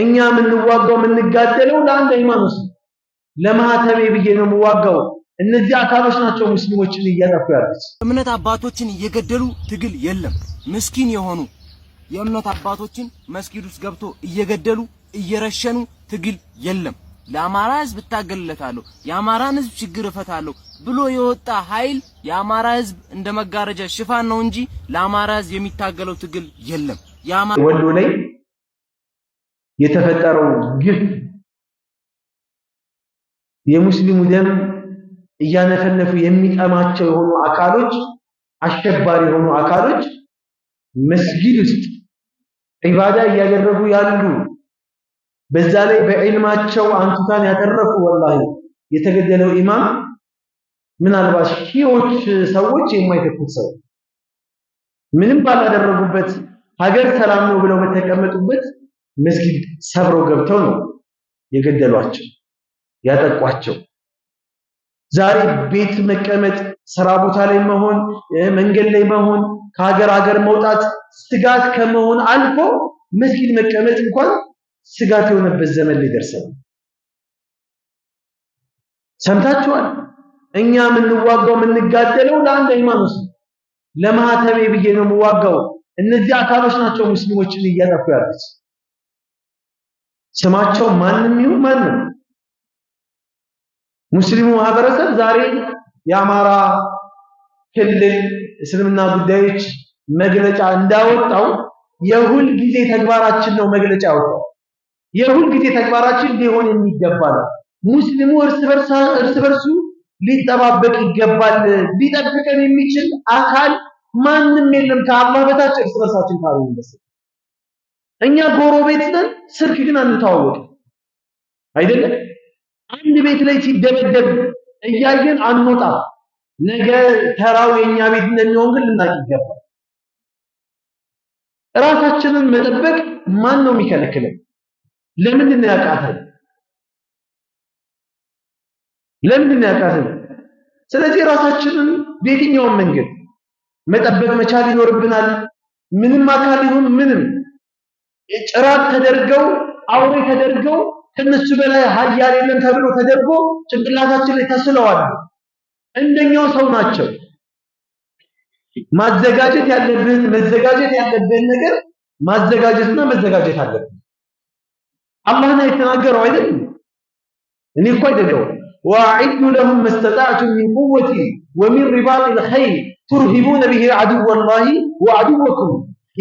እኛ የምንዋጋው የምንጋደለው ለአንድ ሃይማኖት ነው። ለማህተቤ ብዬ ነው የምዋጋው። እነዚህ አካሎች ናቸው ሙስሊሞችን እያጠፉ ያሉት። እምነት አባቶችን እየገደሉ ትግል የለም። ምስኪን የሆኑ የእምነት አባቶችን መስጊድ ውስጥ ገብቶ እየገደሉ እየረሸኑ ትግል የለም። ለአማራ ህዝብ እታገልለታለሁ፣ የአማራን ህዝብ ችግር እፈታለሁ ብሎ የወጣ ኃይል የአማራ ህዝብ እንደ መጋረጃ ሽፋን ነው እንጂ ለአማራ ህዝብ የሚታገለው ትግል የለም። ወሎ ላይ የተፈጠረው ግፍ የሙስሊሙ ደም እያነፈነፉ የሚጠማቸው የሆኑ አካሎች አሸባሪ የሆኑ አካሎች መስጊድ ውስጥ ዒባዳ እያደረጉ ያሉ በዛ ላይ በዕልማቸው አንቱታን ያተረፉ ወላሂ የተገደለው ኢማም ምናልባት ሺዎች ሰዎች የማይተኩት ሰው ምንም ባላደረጉበት ሀገር ሰላም ነው ብለው በተቀመጡበት መስጊድ ሰብረው ገብተው ነው የገደሏቸው ያጠቋቸው። ዛሬ ቤት መቀመጥ፣ ስራ ቦታ ላይ መሆን፣ መንገድ ላይ መሆን፣ ከሀገር ሀገር መውጣት ስጋት ከመሆን አልፎ መስጊድ መቀመጥ እንኳን ስጋት የሆነበት ዘመን ላይ ደርሰናል። ሰምታችኋል። እኛ የምንዋጋው የምንጋደለው ለአንድ ሃይማኖት ነው። ለማህተቤ ብዬ ነው የምዋጋው። እነዚህ አካሎች ናቸው ሙስሊሞችን እያጠፉ ያሉት። ስማቸው ማንም ይሁን ማንም ሙስሊሙ ማህበረሰብ ዛሬ የአማራ ክልል እስልምና ጉዳዮች መግለጫ እንዳወጣው የሁል ጊዜ ተግባራችን ነው። መግለጫ ያወጣው የሁል ጊዜ ተግባራችን ሊሆን የሚገባ ነው። ሙስሊሙ እርስ በርሳ እርስ በርሱ ሊጠባበቅ ይገባል። ሊጠብቀን የሚችል አካል ማንም የለም ከአላህ በታች እርስ በርሳችን ካልሆነ እኛ ጎረቤት ነን፣ ስልክ ግን አንተዋወቅም አይደለም። አንድ ቤት ላይ ሲደበደብ እያየን አንወጣም። ነገ ተራው የኛ ቤት እንደሚሆን ግን ልናቅ ይገባል። ራሳችንን መጠበቅ ማን ነው የሚከለክለን? ለምንድን ነው ያቃተን? ለምንድን ነው ያቃተን? ስለዚህ ራሳችንን በየትኛውም መንገድ መጠበቅ መቻል ይኖርብናል። ምንም አካል ይሁን ምንም ጭራት ተደርገው አውሬ ተደርገው ከነሱ በላይ ሀያል የለም ተብሎ ተደርጎ ጭንቅላታችን ላይ ተስለዋል። እንደኛው ሰው ናቸው። ማዘጋጀት ያለብን መዘጋጀት ያለብን ነገር ማዘጋጀትና መዘጋጀት አለብን። አላህ ነው የተናገረው አይደል? እኔ እኮ አይደለው ወአዒዱ ለሁም መስተጣዕቱም ሚን ቁወቲ ወሚን ሪባጢል ኸይል ቱርሂቡነ ቢሂ ዐዱወላሂ ወዐዱወኩም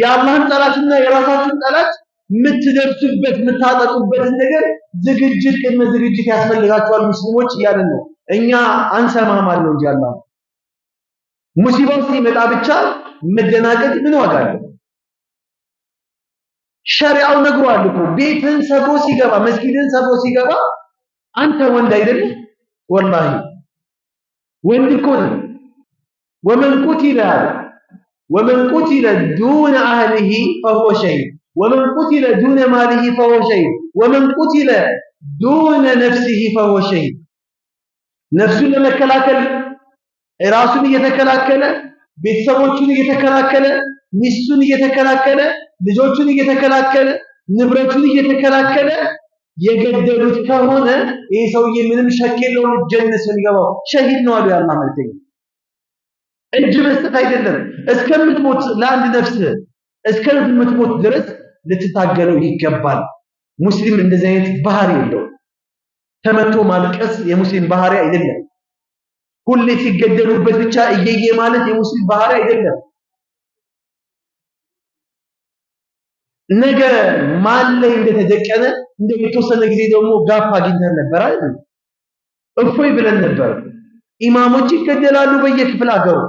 የአላህን ጠላትና የራሳችን ጠላት የምትደርሱበት የምታጠቁበትን ነገር ዝግጅት ቅድመ ዝግጅት ያስፈልጋቸዋል ሙስሊሞች እያለን ነው። እኛ አንሰማም አለው እንጂ አላህ ሙሲባ ሲመጣ ብቻ መደናገጥ ምን ዋጋ አለው? ሸሪዓው ነግሯል እኮ ቤትን ሰብሮ ሲገባ መስጊድን ሰብሮ ሲገባ አንተ ወንድ አይደለም ወላሂ ወንድ እኮ ነው ወመን ቁቲለ ወመን ቁቲለ ዱነ አህሊሂ ፈሁወ ሸሂድ ወመን ቁቲለ ዱነ ማሊሂ ፈሁወ ሸሂድ ወመን ቁቲለ ዱነ ነፍሲሂ ፈሁወ ሸሂድ። ነፍሱን ለመከላከል ራሱን እየተከላከለ ቤተሰቦቹን እየተከላከለ ሚስቱን እየተከላከለ ልጆቹን እየተከላከለ ንብረቱን እየተከላከለ የገደሉት ከሆነ ይህ ሰውዬ ምንም ሸክ የለውም፣ ጀነት ነው የሚገባው። ሸሂድ ነው አሉ ያላ መልክተኛ እጅ መስጠት አይደለም። እስከምትሞት ለአንድ ነፍስ እስከምትሞት ድረስ ልትታገለው ይገባል። ሙስሊም እንደዚህ አይነት ባህሪ የለው ተመቶ ማልቀስ የሙስሊም ባህሪ አይደለም። ሁሌ ሲገደሉበት ብቻ እየየ ማለት የሙስሊም ባህሪ አይደለም። ነገ ማን ላይ እንደተደቀነ እንደው የተወሰነ ጊዜ ደግሞ ጋፕ አግኝተን ነበር አይደል? እፎይ ብለን ነበር። ኢማሞች ይገደላሉ በየክፍለ ሀገሩ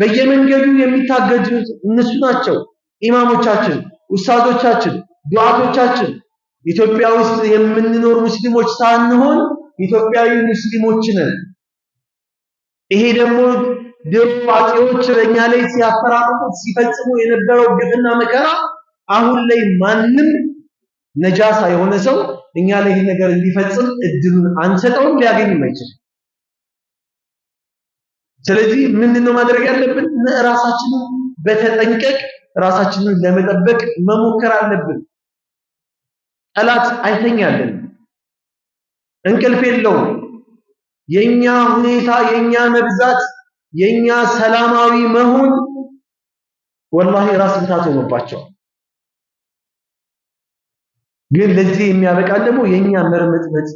በየመንገዱ የሚታገዱት እነሱ ናቸው። ኢማሞቻችን፣ ኡስታዞቻችን፣ ዱዓቶቻችን ኢትዮጵያ ውስጥ የምንኖር ሙስሊሞች ሳንሆን ኢትዮጵያዊ ሙስሊሞች ነን። ይሄ ደግሞ ድሮ አጤዎች በእኛ ላይ ሲያፈራርቁት ሲፈጽሙ የነበረው ግፍና መከራ አሁን ላይ ማንም ነጃሳ የሆነ ሰው እኛ ላይ ይሄ ነገር እንዲፈጽም እድሉን አንሰጠውም፣ ሊያገኝም አይችልም። ስለዚህ ምንድነው ማድረግ ያለብን? ራሳችንን በተጠንቀቅ ራሳችንን ለመጠበቅ መሞከር አለብን። ጠላት አይተኛልን፣ እንቅልፍ የለውም። የኛ ሁኔታ፣ የኛ መብዛት፣ የኛ ሰላማዊ መሆን ወላሂ ራስ ምታት ሆኖባቸዋል። ግን ለዚህ የሚያበቃ ደግሞ የኛ መርመጥመጥ